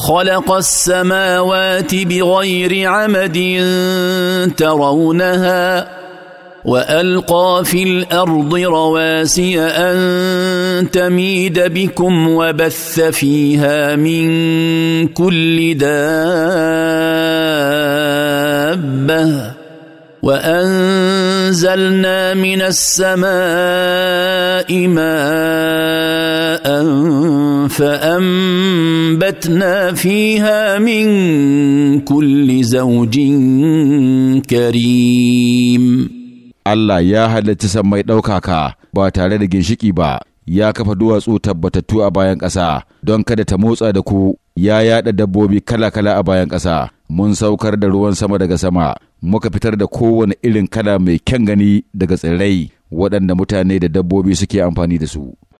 خلق السماوات بغير عمد ترونها والقى في الارض رواسي ان تميد بكم وبث فيها من كل دابه وانزلنا من السماء ماء فانبتنا فيها من كل زوج كريم Allah ya halarci sammai ɗaukaka ba tare da ginshiki ba, ya kafa duwatsu tabbatattu a bayan ƙasa don kada ta motsa da ku ya yaɗa dabbobi kala-kala a bayan ƙasa. Mun saukar da ruwan sama daga sama, muka fitar da kowane irin kala mai kyan gani daga tsirrai waɗanda mutane da dabbobi suke amfani da su.